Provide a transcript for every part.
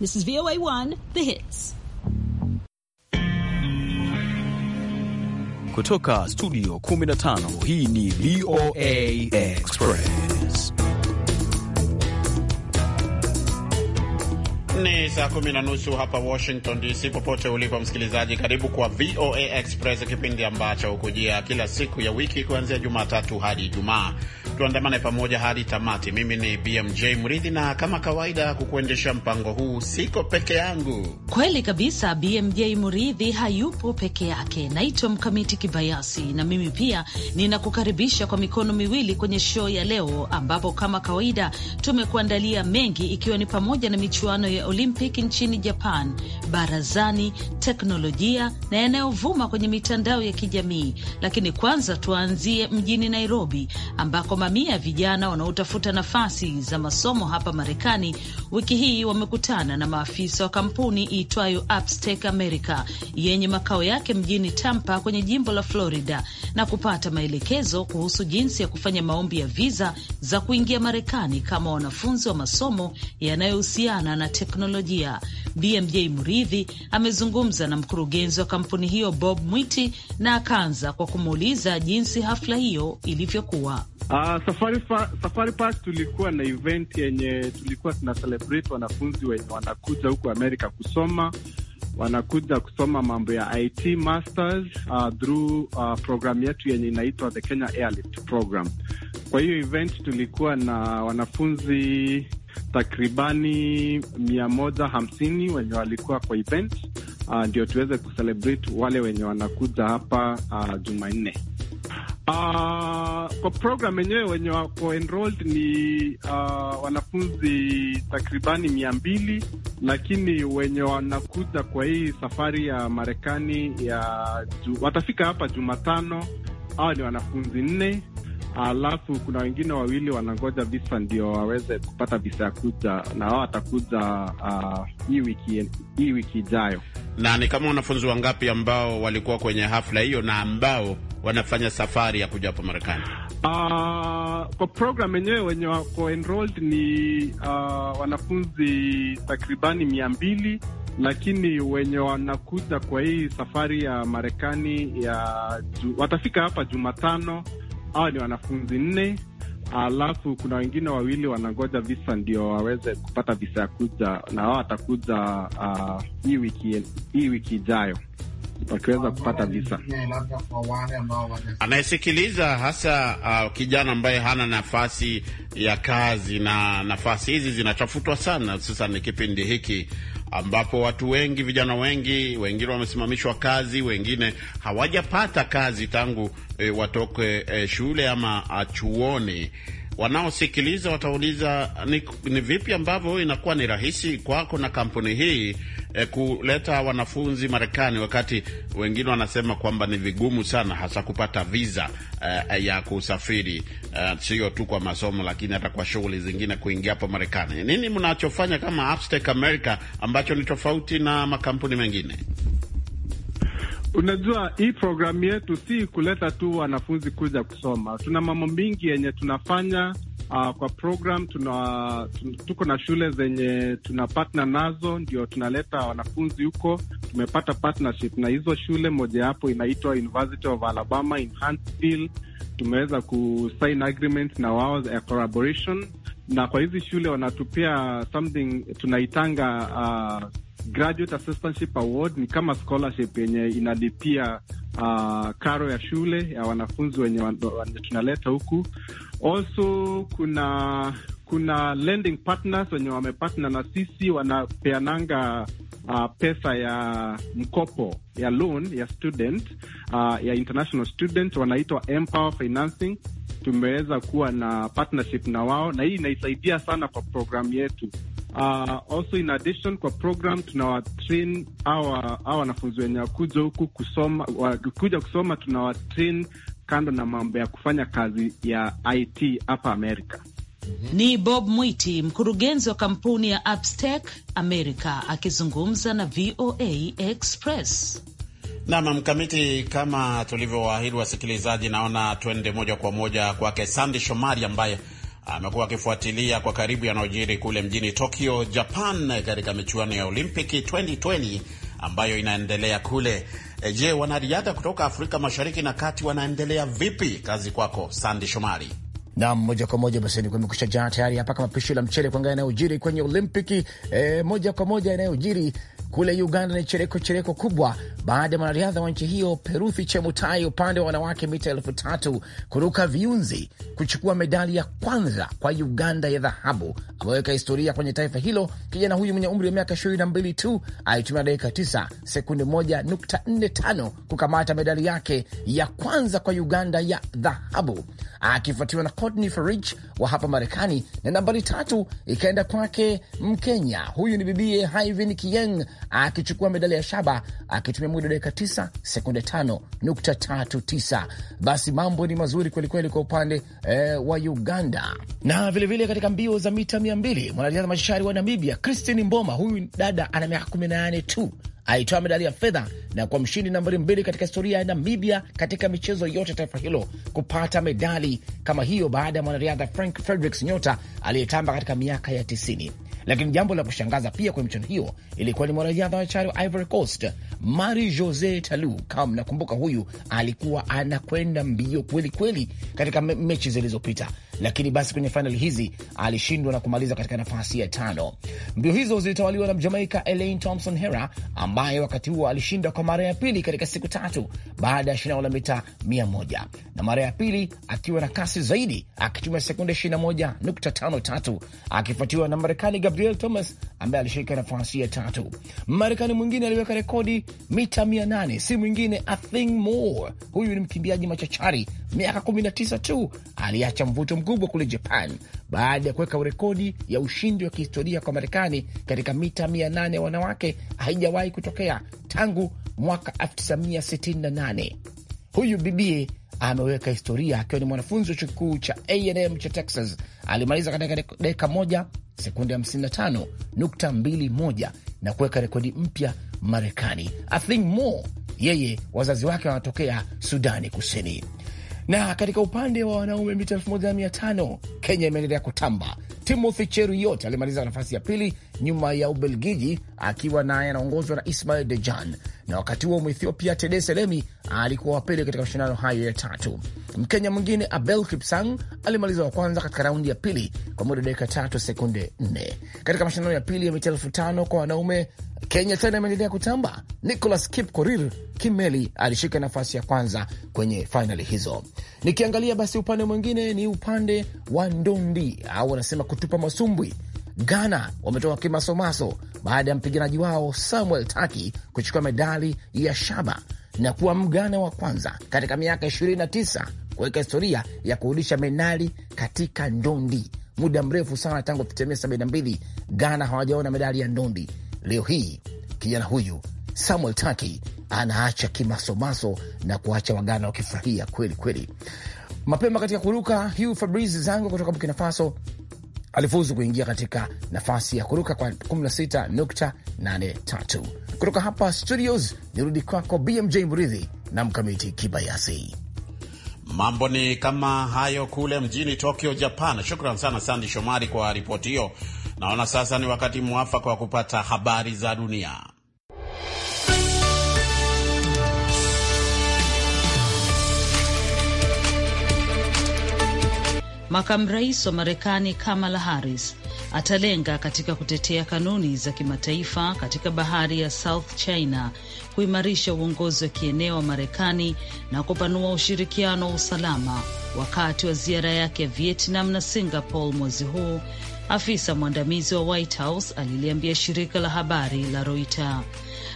This is VOA1 The Hits. Kutoka studio 15 hii ni VOA Express. Ni saa kumi na nusu hapa Washington DC. Popote ulipo msikilizaji, karibu kwa VOA Express, kipindi ambacho hukujia kila siku ya wiki kuanzia Jumatatu hadi Ijumaa tuandamane pamoja hadi tamati. Mimi ni BMJ Mridhi, na kama kawaida kukuendesha mpango huu siko peke yangu. Kweli kabisa, BMJ Mridhi hayupo peke yake. Naitwa Mkamiti Kibayasi, na mimi pia ninakukaribisha kwa mikono miwili kwenye show ya leo, ambapo kama kawaida tumekuandalia mengi, ikiwa ni pamoja na michuano ya Olympic nchini Japan, barazani, teknolojia na yanayovuma kwenye mitandao ya kijamii. Lakini kwanza tuanzie mjini Nairobi ambako mamia ya vijana wanaotafuta nafasi za masomo hapa Marekani wiki hii wamekutana na maafisa wa kampuni iitwayo Upstate America yenye makao yake mjini Tampa kwenye jimbo la Florida na kupata maelekezo kuhusu jinsi ya kufanya maombi ya viza za kuingia Marekani kama wanafunzi wa masomo yanayohusiana na teknolojia. BMJ Muridhi amezungumza na mkurugenzi wa kampuni hiyo Bob Mwiti na akaanza kwa kumuuliza jinsi hafla hiyo ilivyokuwa. Uh, safari fa, Safari Park tulikuwa na event yenye tulikuwa tuna celebrate wanafunzi wenye wanakuja huku Amerika kusoma, wanakuja kusoma mambo ya IT masters uh, through uh, program yetu yenye inaitwa the Kenya Airlift Program. Kwa hiyo event tulikuwa na wanafunzi takribani mia moja hamsini wenye walikuwa kwa event uh, ndio tuweze kucelebrate wale wenye wanakuja hapa uh, Jumanne. Uh, kwa program yenyewe wenye wako enrolled ni uh, wanafunzi takribani mia mbili, lakini wenye wanakuja kwa hii safari ya Marekani ya ju, watafika hapa Jumatano. Hawa ni wanafunzi nne, alafu kuna wengine wawili wanangoja visa ndio waweze kupata visa ya kuja, na wao watakuja uh, hii uh, wiki hii wiki ijayo. Na ni kama wanafunzi wangapi ambao walikuwa kwenye hafla hiyo na ambao wanafanya safari ya kuja hapa Marekani? Uh, kwa program yenyewe wenye wako enrolled ni uh, wanafunzi takribani mia mbili lakini wenye wanakuja kwa hii safari ya Marekani ya ju, watafika hapa Jumatano. Hawa ni wanafunzi nne, alafu kuna wengine wawili wanangoja visa ndio waweze kupata visa ya kuja, na wao watakuja uh, hii wiki ijayo wakiweza kupata visa. Anayesikiliza hasa uh, kijana ambaye hana nafasi ya kazi, na nafasi hizi zinatafutwa sana, ni kipindi hiki ambapo watu wengi, vijana wengi, wengine wamesimamishwa kazi, wengine hawajapata kazi tangu e, watoke e, shule ama uh, chuoni wanaosikiliza watauliza ni, ni vipi ambavyo inakuwa ni rahisi kwako na kampuni hii eh, kuleta wanafunzi Marekani, wakati wengine wanasema kwamba ni vigumu sana hasa kupata viza eh, ya kusafiri eh, sio tu kwa masomo, lakini hata kwa shughuli zingine kuingia hapo Marekani. Nini mnachofanya kama Upstate America ambacho ni tofauti na makampuni mengine? Unajua, hii programu yetu si kuleta tu wanafunzi kuja kusoma. Tuna mambo mingi yenye tunafanya uh, kwa program tuna, tuko na shule zenye tuna partner nazo, ndio tunaleta wanafunzi huko. Tumepata partnership na hizo shule, mojawapo inaitwa University of Alabama in Huntsville. Tumeweza kusign agreement na wao ya collaboration na kwa hizi shule wanatupia something tunaitanga uh, Graduate Assistantship Award ni kama scholarship yenye inalipia uh, karo ya shule ya wanafunzi wenye tunaleta huku. Also kuna kuna lending partners wenye wamepatna na sisi wanapeananga uh, pesa ya mkopo ya loan ya student uh, ya international student wanaitwa Empower Financing. Tumeweza kuwa na partnership na wao, na hii inaisaidia sana kwa programu yetu Uh, also in addition kwa program tunawatrain hawa wanafunzi wenye wakuja huku kusoma, wakikuja kusoma tunawatrain kando na mambo ya kufanya kazi ya IT hapa Amerika. Ni Bob Mwiti, mkurugenzi wa kampuni ya Upstack America, akizungumza na VOA Express. Nam mkamiti, kama tulivyowaahidi wasikilizaji, naona twende moja kwa moja kwake Sandi Shomari ambaye amekuwa akifuatilia kwa karibu yanayojiri kule mjini Tokyo, Japan, katika michuano ya Olimpiki 2020 ambayo inaendelea kule. E, je, wanariadha kutoka Afrika Mashariki na Kati wanaendelea vipi? Kazi kwako, Sandi Shomari. Nam moja kwa moja basi ni kumekusha jana tayari hapa kama pishi la mchele kuangaa inayojiri kwenye Olimpiki e, moja kwa moja inayojiri kule Uganda ni chereko chereko kubwa baada ya mwanariadha wa nchi hiyo Peruthi Chemutai upande wa wanawake mita elfu tatu kuruka viunzi kuchukua medali ya kwanza kwa Uganda ya dhahabu, ameweka historia kwenye taifa hilo. Kijana huyu mwenye umri wa miaka ishirini na mbili tu alitumia dakika tisa sekunde moja nukta nne tano kukamata medali yake ya kwanza kwa Uganda ya dhahabu akifuatiwa na Rodney Ferrich wa hapa Marekani, na nambari tatu ikaenda kwake Mkenya. Huyu ni bibie Hyvin kiyeng akichukua medali ya shaba akitumia muda dakika tisa sekunde tisa. Basi mambo ni mazuri kwelikweli kwa upande eh, wa Uganda na vilevile vile katika mbio za mita 200 mwanariadha mashari wa Namibia Christine Mboma, huyu dada ana miaka 18 tu aitoa medali ya fedha na kuwa mshindi nambari mbili katika historia ya Namibia katika michezo yote taifa hilo kupata medali kama hiyo baada ya mwanariadha Frank Fredericks, nyota aliyetamba katika miaka ya tisini. Lakini jambo la kushangaza pia kwenye michuano hiyo ilikuwa ni mwanariadha wa chari wa Ivory Coast Mari Jose Talu. Kama mnakumbuka, huyu alikuwa anakwenda mbio kweli kweli katika me mechi zilizopita, lakini basi kwenye fainali hizi alishindwa na kumaliza katika nafasi ya tano. Mbio hizo zilitawaliwa na Mjamaika Elaine Thompson Hera ambaye wakati huo alishinda kwa mara ya pili katika siku tatu baada ya shindano la mita mia moja na mara ya pili akiwa na kasi zaidi akitumia sekunde 21.53 akifuatiwa na Marekani Gabriel Thomas ambaye alishika nafasi ya tatu. Marekani mwingine aliweka rekodi mita 800 si mwingine Athing Moore. Huyu ni mkimbiaji machachari, miaka 19 tu. Aliacha mvuto mkubwa kule Japan baada ya kuweka rekodi ya ushindi wa kihistoria kwa Marekani katika mita 800 ya wanawake, haijawahi kutokea tangu mwaka 1968. Huyu bibie ameweka historia akiwa ni mwanafunzi wa chuo kikuu cha A&M cha Texas. Alimaliza katika dakika moja sekunde 55.21 na kuweka rekodi mpya Marekani. Athing Mo yeye wazazi wake wanatokea Sudani Kusini. Na katika upande wa wanaume mita 1500 Kenya imeendelea kutamba. Timothy Cheruiyot alimaliza nafasi ya pili nyuma ya Ubelgiji akiwa naye anaongozwa na Ismail Dejan na wakati huo Mwethiopia Tede Selemi alikuwa wa pili katika mashindano hayo ya tatu. Mkenya mwingine Abel Kipsang alimaliza wa kwanza katika raundi ya pili kwa muda wa dakika tatu sekunde nne. Katika mashindano ya pili ya mita elfu tano kwa wanaume, Kenya tena imeendelea kutamba. Nicholas Kip Korir Kimeli alishika nafasi ya kwanza kwenye fainali hizo. Nikiangalia basi upande mwingine ni upande wa ndondi au wanasema kutupa masumbwi Ghana wametoka kimasomaso baada ya mpiganaji wao Samuel Taki kuchukua medali ya shaba na kuwa Mgana wa kwanza katika miaka 29 kuweka historia ya kurudisha medali katika ndondi. Muda mrefu sana tangu Septemba Ghana hawajaona medali ya ndondi. Leo hii kijana huyu Samuel Taki anaacha kimasomaso na kuacha Wagana wakifurahia kweli kweli. Mapema katika kuruka, Hugh Fabrice Zango kutoka Burkina Faso alifuzu kuingia katika nafasi ya kuruka kwa 16.83. Kutoka hapa studios nirudi kwako BMJ Mridhi na Mkamiti Kibayasi. Mambo ni kama hayo kule mjini Tokyo, Japan. Shukran sana Sandi Shomari kwa ripoti hiyo. Naona sasa ni wakati mwafaka wa kupata habari za dunia. Makamu rais wa Marekani Kamala Harris atalenga katika kutetea kanuni za kimataifa katika bahari ya South China, kuimarisha uongozi wa kieneo wa Marekani na kupanua ushirikiano wa usalama wakati wa ziara yake ya Vietnam na Singapore mwezi huu, afisa mwandamizi wa White House aliliambia shirika la habari la Reuters.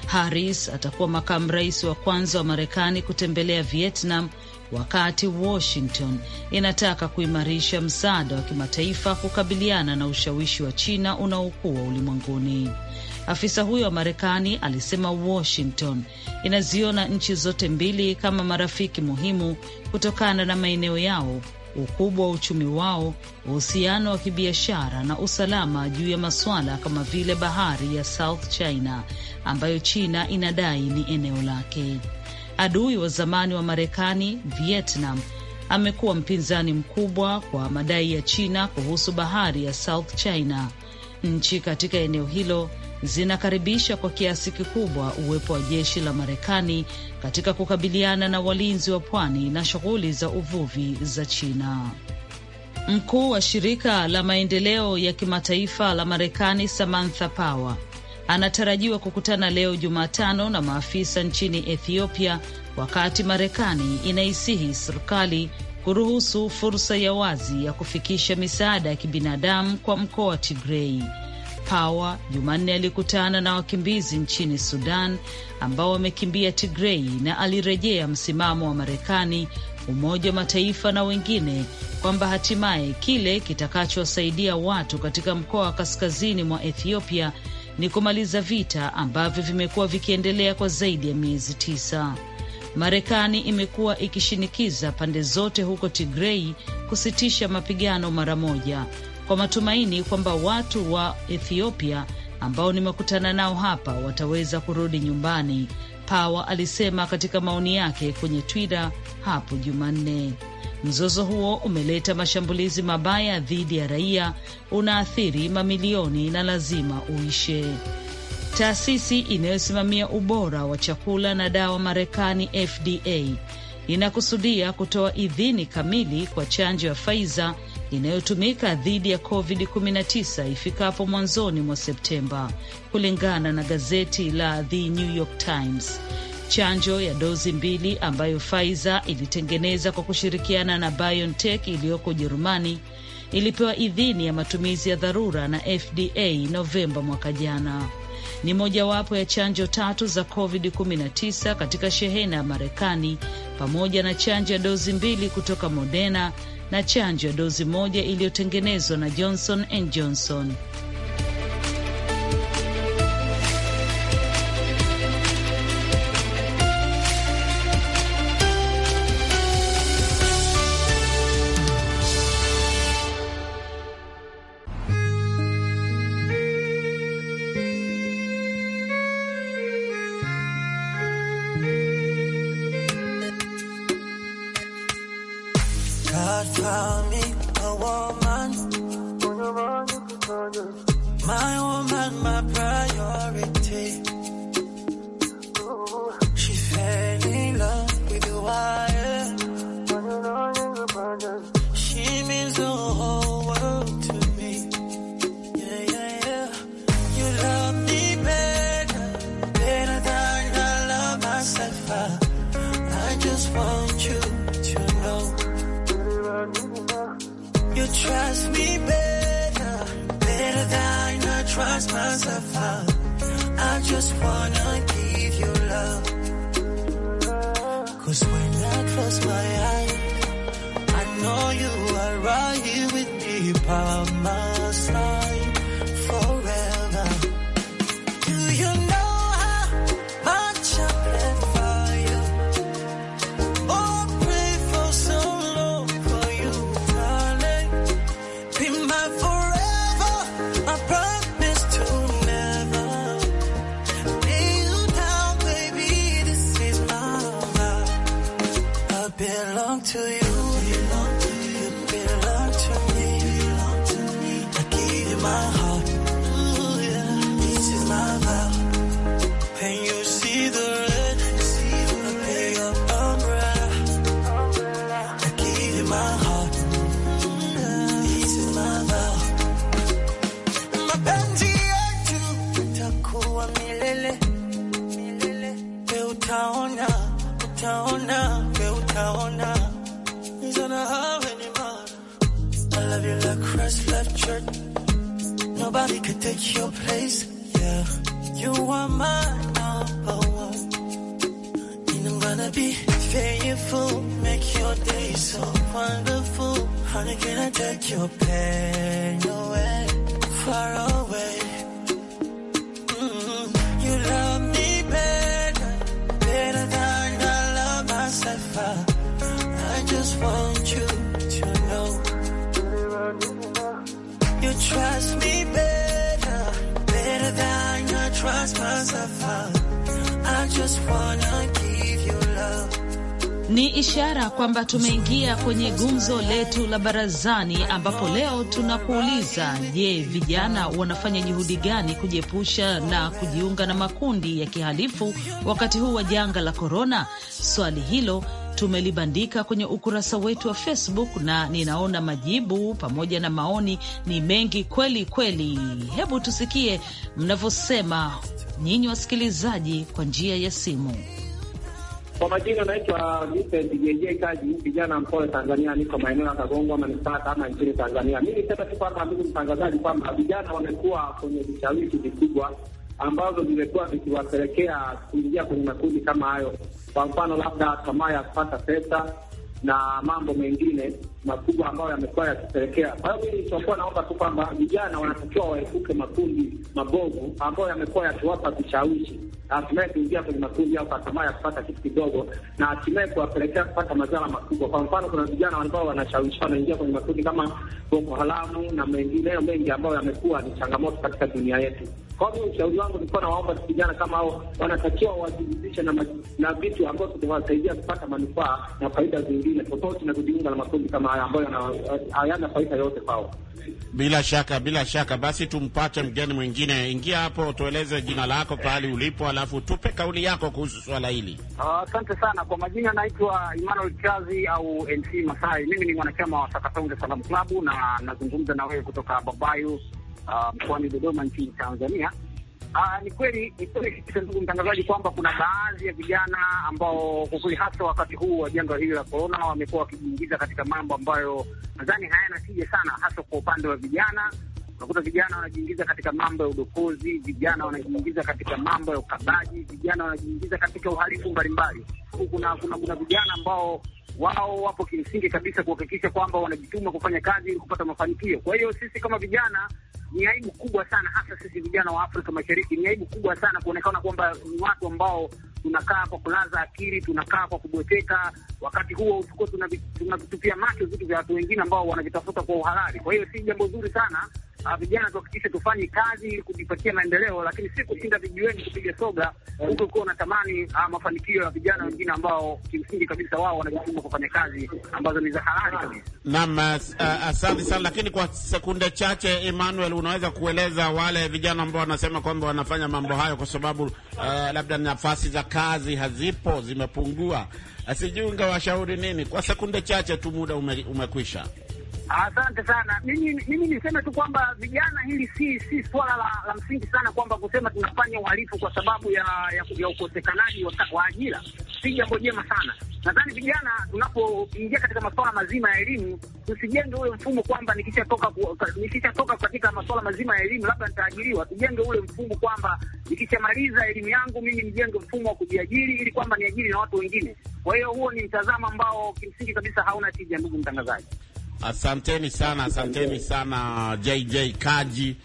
Harris atakuwa makamu rais wa kwanza wa Marekani kutembelea Vietnam wakati Washington inataka kuimarisha msaada wa kimataifa kukabiliana na ushawishi wa China unaokuwa ulimwenguni. Afisa huyo wa Marekani alisema Washington inaziona nchi zote mbili kama marafiki muhimu kutokana na maeneo yao, ukubwa wa uchumi wao, uhusiano wa kibiashara na usalama, juu ya masuala kama vile bahari ya South China ambayo China inadai ni eneo lake. Adui wa zamani wa Marekani, Vietnam, amekuwa mpinzani mkubwa kwa madai ya China kuhusu bahari ya South China. Nchi katika eneo hilo zinakaribisha kwa kiasi kikubwa uwepo wa jeshi la Marekani katika kukabiliana na walinzi wa pwani na shughuli za uvuvi za China. Mkuu wa shirika la maendeleo ya kimataifa la Marekani Samantha Power anatarajiwa kukutana leo Jumatano na maafisa nchini Ethiopia, wakati Marekani inaisihi serikali kuruhusu fursa ya wazi ya kufikisha misaada ya kibinadamu kwa mkoa wa Tigrei. Power Jumanne alikutana na wakimbizi nchini Sudan ambao wamekimbia Tigrei na alirejea msimamo wa Marekani, Umoja wa Mataifa na wengine kwamba hatimaye kile kitakachowasaidia watu katika mkoa wa kaskazini mwa Ethiopia ni kumaliza vita ambavyo vimekuwa vikiendelea kwa zaidi ya miezi tisa. Marekani imekuwa ikishinikiza pande zote huko Tigrei kusitisha mapigano mara moja kwa matumaini kwamba watu wa Ethiopia ambao nimekutana nao hapa wataweza kurudi nyumbani, pawe alisema katika maoni yake kwenye Twitter hapo Jumanne. Mzozo huo umeleta mashambulizi mabaya dhidi ya raia, unaathiri mamilioni na lazima uishe. Taasisi inayosimamia ubora wa chakula na dawa Marekani, FDA, inakusudia kutoa idhini kamili kwa chanjo ya Pfizer inayotumika dhidi ya COVID-19 ifikapo mwanzoni mwa Septemba, kulingana na gazeti la The New York Times chanjo ya dozi mbili ambayo Pfizer ilitengeneza kwa kushirikiana na BioNTech iliyoko Ujerumani ilipewa idhini ya matumizi ya dharura na FDA Novemba mwaka jana. Ni mojawapo ya chanjo tatu za COVID-19 katika shehena ya Marekani pamoja na chanjo ya dozi mbili kutoka Moderna na chanjo ya dozi moja iliyotengenezwa na Johnson and Johnson. my own man, my know you are right here with me by my side forever. Do you know how much I plan for you? Oh, pray for so long for you, darling. Be my forever, I promise to never lay you down, baby. This is my life. I belong to you. utaona, we utaona is on a ni mana. I love you like Christ left church. Nobody could take your place. Yeah, you are my number one. And I'm gonna be faithful, make your day so wonderful. Honey, can I take your pain away, far away? trust me better, better than your trust was I just wanna give you love. Ni ishara kwamba tumeingia kwenye gumzo letu la barazani, ambapo leo tunakuuliza, je, vijana wanafanya juhudi gani kujiepusha na kujiunga na makundi ya kihalifu wakati huu wa janga la korona? Swali hilo tumelibandika kwenye ukurasa wetu wa Facebook, na ninaona majibu pamoja na maoni ni mengi kweli kweli. Hebu tusikie mnavyosema nyinyi wasikilizaji kwa njia ya simu. Kwa majina naitwa Vincent JJ Kaji, kijana mpole Tanzania, niko maeneo ya Kagongo ama kama nchini Tanzania. Mi nisema tu kwamba, ndugu mtangazaji, kwamba vijana wamekuwa kwenye vishawishi vikubwa ambazo zimekuwa zikiwapelekea kuingia kwenye makundi kama hayo, kwa mfano labda tamaa ya kupata pesa na mambo mengine makubwa ambayo yamekuwa yakipelekea. Kwa hiyo mimi nitakuwa naomba tu kwamba vijana wanatakiwa waepuke makundi mabovu ambayo yamekuwa yakiwapa vishawishi na hatimaye kuingia kwenye makundi au kwa tamaa ya kupata kitu kidogo, na hatimaye kuwapelekea kupata madhara makubwa. Kwa mfano, kuna vijana ambao wanashawishwa wanaingia kwenye makundi kama Boko Haramu na mengineyo mengi ambayo yamekuwa ni changamoto katika dunia yetu. Kwa hiyo ushauri wangu nilikuwa nawaomba vijana kama hao wanatakiwa wajihusishe na na vitu ambavyo vitawasaidia kupata manufaa na faida zingine tofauti na kujiunga na makundi kama haya ambayo hayana faida yote kwao. Bila shaka, bila shaka. Basi tumpate mgeni mwingine. Ingia hapo, tueleze jina lako, pahali ulipo, alafu tupe kauli yako kuhusu swala hili. Ah, asante uh, sana. Kwa majina naitwa Emmanuel Chazi au MC Masai. Mimi ni mwanachama wa Sakatonge Salamu Klabu na nazungumza na wewe kutoka Babayu Uh, mkoani Dodoma nchini Tanzania. Uh, ni kweli ni kweli ndugu mtangazaji, kwamba kuna baadhi ya vijana ambao kwa kweli, hasa wakati huu wa janga hili la korona, wamekuwa wakijiingiza katika mambo ambayo nadhani hayana tija sana, hasa kwa upande wa vijana. Unakuta vijana wanajiingiza katika mambo ya udokozi, vijana wanajiingiza katika mambo ya ukabaji, vijana wanajiingiza katika uhalifu mbalimbali. Kuna kuna kuna vijana ambao wao wapo kimsingi kabisa kuhakikisha kwamba wanajituma kufanya kazi ili kupata mafanikio. Kwa hiyo sisi kama vijana ni aibu kubwa sana, hasa sisi vijana wa Afrika Mashariki, ni aibu kubwa sana kuonekana kwamba ni watu ambao tunakaa kwa kulaza akili, tunakaa kwa kubweteka, wakati huo tuko tunavitupia macho vitu vya watu wengine ambao wanavitafuta kwa uhalali. Kwa hiyo si jambo zuri sana Ah, vijana tuhakikishe tufanye kazi ili kujipatia maendeleo, lakini si kushinda vijiweni kupiga soga huko ukiwa unatamani ah, mafanikio ya vijana wengine ambao kimsingi kabisa wao wanajituma kufanya kazi ambazo ni za halali kabisa. Naam, eh, asante sana. Lakini kwa sekunde chache, Emmanuel, unaweza kueleza wale vijana ambao wanasema kwamba wanafanya mambo hayo kwa sababu uh, labda nafasi za kazi hazipo, zimepungua, eh, sijui ungewashauri nini? Kwa sekunde chache tu, muda ume, umekwisha. Asante sana. Mimi mimi niseme tu kwamba vijana, hili si si swala la, la msingi sana kwamba kusema tunafanya uhalifu kwa sababu ya ya, ya ukosekanaji wa ajira si jambo jema sana. Nadhani vijana tunapoingia katika masuala mazima ya elimu, tusijenge ule mfumo kwamba nikishatoka nikishatoka katika masuala mazima ya elimu labda nitaajiriwa. Tujenge ule mfumo kwamba nikishamaliza elimu yangu mimi nijenge mfumo wa kujiajiri ili kwamba niajiri na watu wengine. Kwa hiyo huo ni mtazamo ambao kimsingi kabisa hauna tija, ndugu mtangazaji. Asanteni sana, asanteni sana JJ Kaji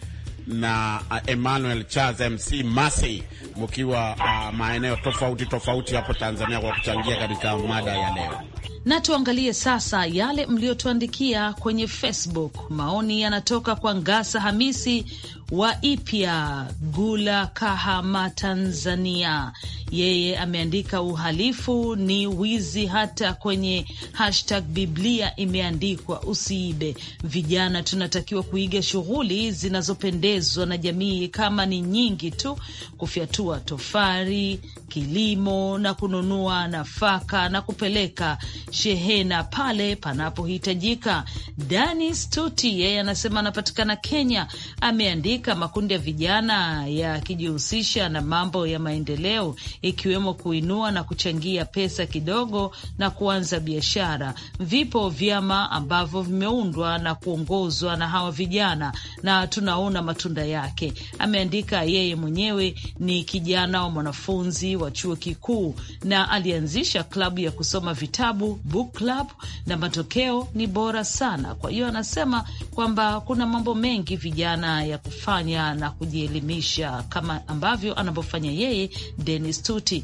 na uh, Emmanuel Charles MC Masi, mkiwa uh, maeneo tofauti tofauti hapo Tanzania kwa kuchangia katika mada ya leo. Na tuangalie sasa yale mliyotuandikia kwenye Facebook. Maoni yanatoka kwa Ngasa Hamisi wa Ipya Gula, Kahama, Tanzania. Yeye ameandika uhalifu ni wizi, hata kwenye hashtag Biblia imeandikwa usiibe. Vijana tunatakiwa kuiga shughuli zinazopendezwa na jamii, kama ni nyingi tu, kufyatua tofari, kilimo na kununua nafaka na kupeleka shehena pale panapohitajika. Danis Tuti yeye anasema anapatikana Kenya, ameandika makundi ya vijana yakijihusisha na mambo ya maendeleo, ikiwemo kuinua na kuchangia pesa kidogo na kuanza biashara. Vipo vyama ambavyo vimeundwa na kuongozwa na hawa vijana na tunaona matunda yake. Ameandika yeye mwenyewe ni kijana wa mwanafunzi wa chuo kikuu na alianzisha klabu ya kusoma vitabu book club, na matokeo ni bora sana. Kwa hiyo anasema kwamba kuna mambo mengi vijana ya kufanya na kujielimisha kama ambavyo anavyofanya yeye Dennis Tuti.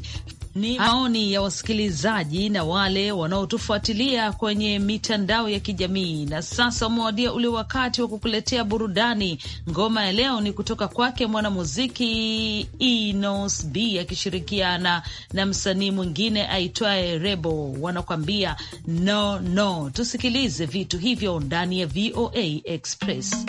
Ni maoni ya wasikilizaji na wale wanaotufuatilia kwenye mitandao ya kijamii. Na sasa umewadia ule wakati wa kukuletea burudani. Ngoma ya leo ni kutoka kwake mwanamuziki Enos B akishirikiana na msanii mwingine aitwaye Rebo, wanakwambia no no. Tusikilize vitu hivyo ndani ya VOA Express.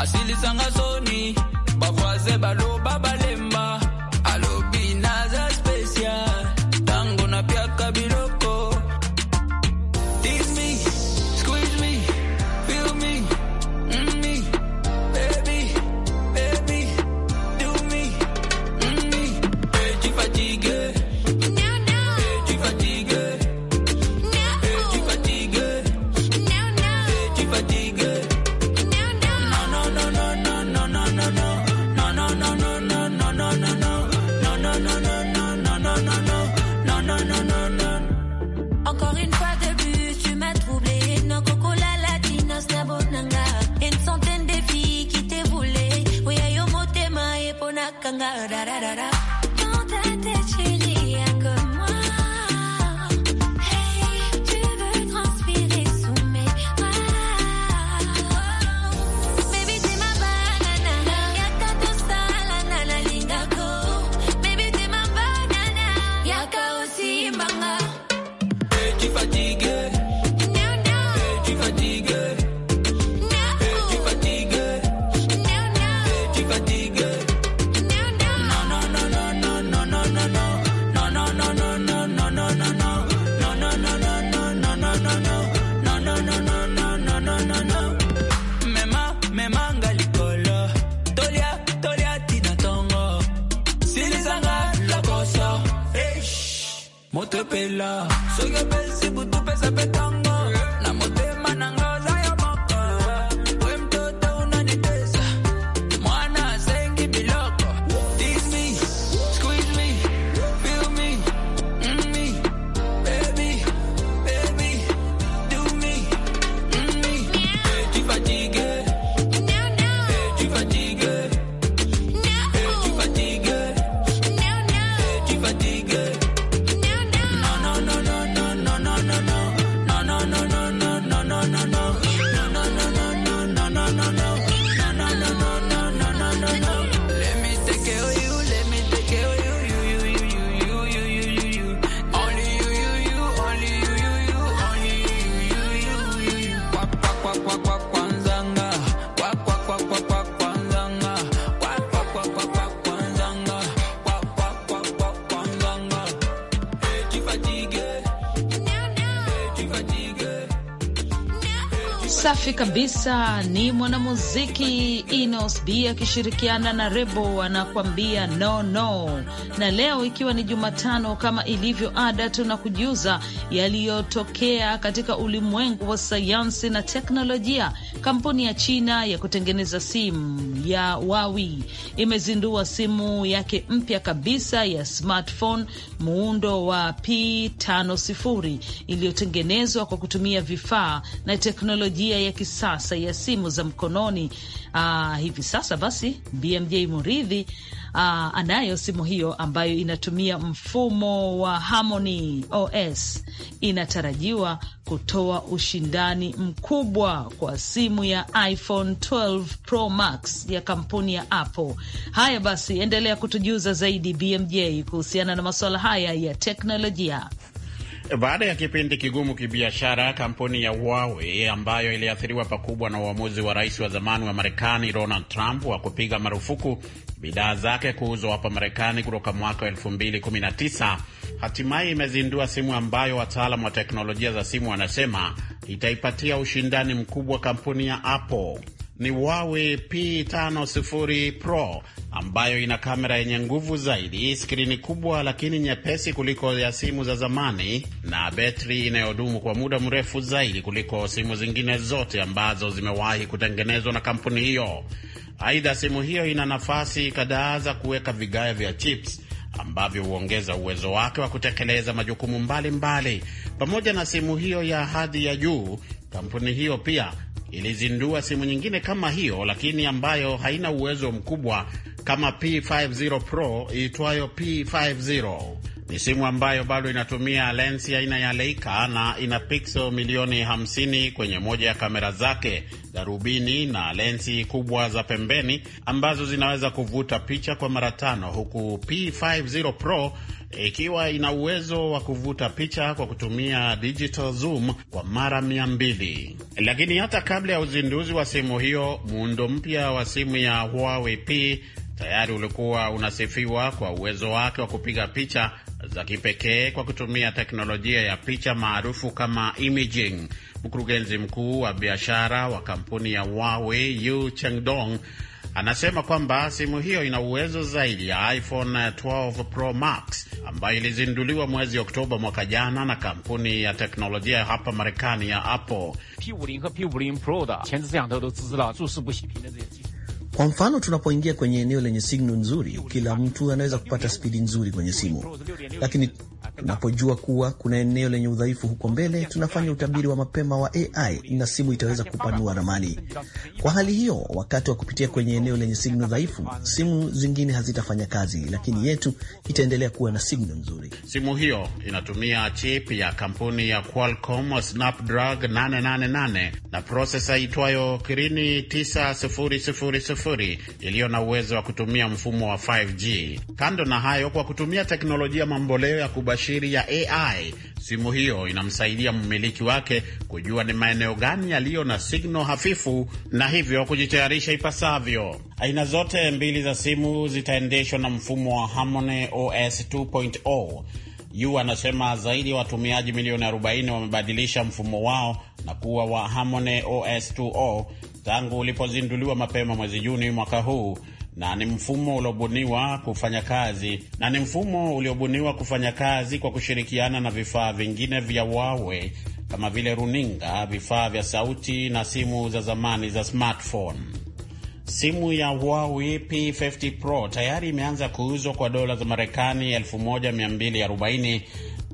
Asili sanga soni bavaze balo babale the best. kabisa ni mwanamuziki Inos B akishirikiana na Rebo anakuambia no no. Na leo ikiwa ni Jumatano, kama ilivyo ada, tunakujuza yaliyotokea katika ulimwengu wa sayansi na teknolojia. Kampuni ya China ya kutengeneza simu ya Huawei imezindua simu yake mpya kabisa ya smartphone muundo wa P50 iliyotengenezwa kwa kutumia vifaa na teknolojia ya kisasa ya simu za mkononi. Aa, ah, hivi sasa basi BMJ Muridhi uh, anayo simu hiyo ambayo inatumia mfumo wa Harmony OS inatarajiwa kutoa ushindani mkubwa kwa simu ya iPhone 12 Pro Max ya kampuni ya Apple. Haya basi, endelea kutujuza zaidi BMJ kuhusiana na masuala haya ya teknolojia. Baada ya kipindi kigumu kibiashara, kampuni ya Huawei ambayo iliathiriwa pakubwa na uamuzi wa rais wa zamani wa Marekani Donald Trump wa kupiga marufuku bidhaa zake kuuzwa hapa Marekani kutoka mwaka wa 2019 hatimaye imezindua simu ambayo wataalamu wa teknolojia za simu wanasema itaipatia ushindani mkubwa kampuni ya Apple. Ni Huawei P50 Pro ambayo ina kamera yenye nguvu zaidi, skrini kubwa lakini nyepesi kuliko ya simu za zamani, na betri inayodumu kwa muda mrefu zaidi kuliko simu zingine zote ambazo zimewahi kutengenezwa na kampuni hiyo. Aidha, simu hiyo ina nafasi kadhaa za kuweka vigaya vya chips ambavyo huongeza uwezo wake wa kutekeleza majukumu mbalimbali mbali. Pamoja na simu hiyo ya hadhi ya juu, kampuni hiyo pia ilizindua simu nyingine kama hiyo, lakini ambayo haina uwezo mkubwa kama P50 Pro iitwayo P50. Ni simu ambayo bado inatumia lensi aina ya Leica na ina pixel milioni 50 kwenye moja ya kamera zake, darubini na lensi kubwa za pembeni ambazo zinaweza kuvuta picha kwa mara tano, huku P50 Pro ikiwa ina uwezo wa kuvuta picha kwa kutumia digital zoom kwa mara 200. Lakini hata kabla ya uzinduzi wa simu hiyo, muundo mpya wa simu ya Huawei P tayari ulikuwa unasifiwa kwa uwezo wake wa kupiga picha za kipekee kwa kutumia teknolojia ya picha maarufu kama imaging. Mkurugenzi mkuu wa biashara wa kampuni ya Huawei Yu Chengdong anasema kwamba simu hiyo ina uwezo zaidi ya iPhone 12 Pro Max ambayo ilizinduliwa mwezi Oktoba mwaka jana na kampuni ya teknolojia hapa Marekani ya Apple. Kwa mfano, tunapoingia kwenye eneo lenye signal nzuri, kila mtu anaweza kupata spidi nzuri kwenye simu, lakini Tunapojua kuwa kuna eneo lenye udhaifu huko mbele, tunafanya utabiri wa mapema wa AI na simu itaweza kupanua ramani. Kwa hali hiyo, wakati wa kupitia kwenye eneo lenye signal dhaifu, simu zingine hazitafanya kazi, lakini yetu itaendelea kuwa na signal nzuri. Simu hiyo inatumia chip ya kampuni ya Qualcomm Snapdragon 888 na prosesa itwayo Kirini 9000 iliyo na uwezo wa kutumia mfumo wa 5G. Kando na hayo, kwa kutumia teknolojia mamboleo ya mubashiri ya AI. Simu hiyo inamsaidia mmiliki wake kujua ni maeneo gani yaliyo na signal hafifu na hivyo kujitayarisha ipasavyo. Aina zote mbili za simu zitaendeshwa na mfumo wa Harmony OS 2.0. Yu anasema zaidi ya watumiaji milioni 40 wamebadilisha mfumo wao na kuwa wa Harmony OS 2.0 tangu ulipozinduliwa mapema mwezi Juni mwaka huu na ni mfumo uliobuniwa kufanya kazi na ni mfumo uliobuniwa kufanya kazi kwa kushirikiana na vifaa vingine vya Huawei kama vile runinga, vifaa vya sauti na simu za zamani za smartphone. Simu ya Huawei P50 Pro tayari imeanza kuuzwa kwa dola za Marekani 1240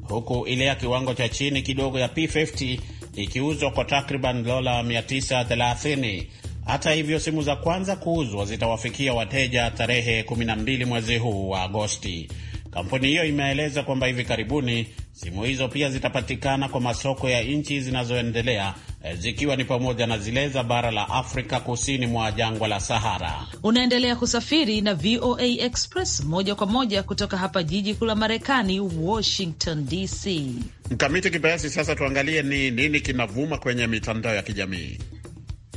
huku ile ya kiwango cha chini kidogo ya P50 ikiuzwa kwa takriban dola 930 hata hivyo, simu za kwanza kuuzwa zitawafikia wateja tarehe 12 mwezi huu wa Agosti. Kampuni hiyo imeeleza kwamba hivi karibuni simu hizo pia zitapatikana kwa masoko ya nchi zinazoendelea eh, zikiwa ni pamoja na zile za bara la Afrika kusini mwa jangwa la Sahara. Unaendelea kusafiri na VOA Express moja kwa moja kutoka hapa jiji kuu la Marekani, Washington DC. Mkamiti Kibayasi, sasa tuangalie ni nini kinavuma kwenye mitandao ya kijamii.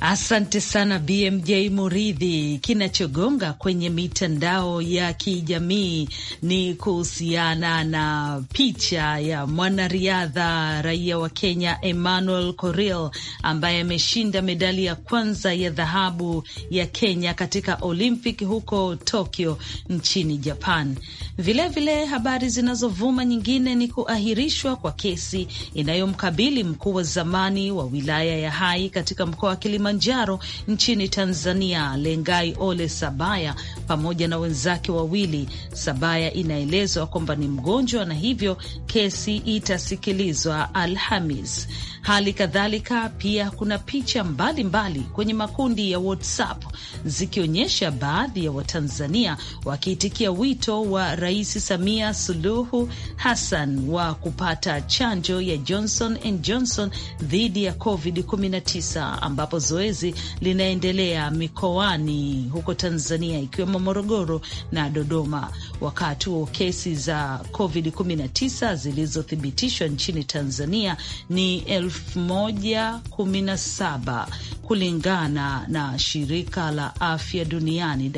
Asante sana BMJ Muridhi. Kinachogonga kwenye mitandao ya kijamii ni kuhusiana na picha ya mwanariadha raia wa Kenya Emmanuel Coril ambaye ameshinda medali ya kwanza ya dhahabu ya Kenya katika Olympic huko Tokyo nchini Japan. Vilevile vile, habari zinazovuma nyingine ni kuahirishwa kwa kesi inayomkabili mkuu wa zamani wa wilaya ya Hai katika mkoa wa Kilimanjaro Kilimanjaro nchini Tanzania, Lengai Ole Sabaya pamoja na wenzake wawili. Sabaya inaelezwa kwamba ni mgonjwa na hivyo kesi itasikilizwa Alhamis. Hali kadhalika pia kuna picha mbalimbali mbali kwenye makundi ya WhatsApp zikionyesha baadhi ya Watanzania wakiitikia wito wa Rais Samia Suluhu Hassan wa kupata chanjo ya Johnson and Johnson dhidi ya COVID-19 ambapo zoezi linaendelea mikoani huko Tanzania ikiwemo Morogoro na Dodoma. Wakati huo kesi za COVID-19 zilizothibitishwa nchini Tanzania ni el 117 kulingana na shirika la afya duniani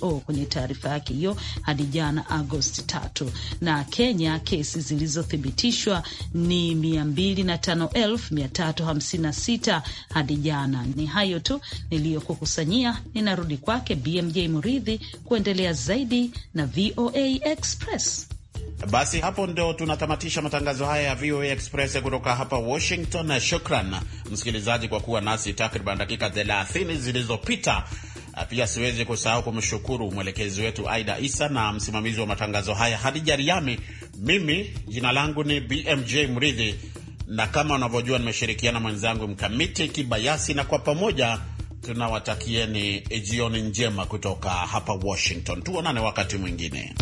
WHO kwenye taarifa yake hiyo hadi jana Agosti tatu. Na Kenya, kesi zilizothibitishwa ni 205,356 hadi jana. Ni hayo tu niliyokukusanyia. Ninarudi kwake BMJ Muridhi kuendelea zaidi na VOA Express. Basi hapo ndo tunatamatisha matangazo haya ya VOA Express kutoka hapa Washington. Shukran msikilizaji kwa kuwa nasi takriban dakika 30 zilizopita. Ah, pia siwezi kusahau kumshukuru mwelekezi wetu Aida Isa na msimamizi wa matangazo haya Hadija Riami. Mimi jina langu ni BMJ Mridhi, na kama unavyojua nimeshirikiana mwenzangu Mkamiti Kibayasi, na kwa pamoja tunawatakieni jioni njema kutoka hapa Washington. Tuonane wakati mwingine.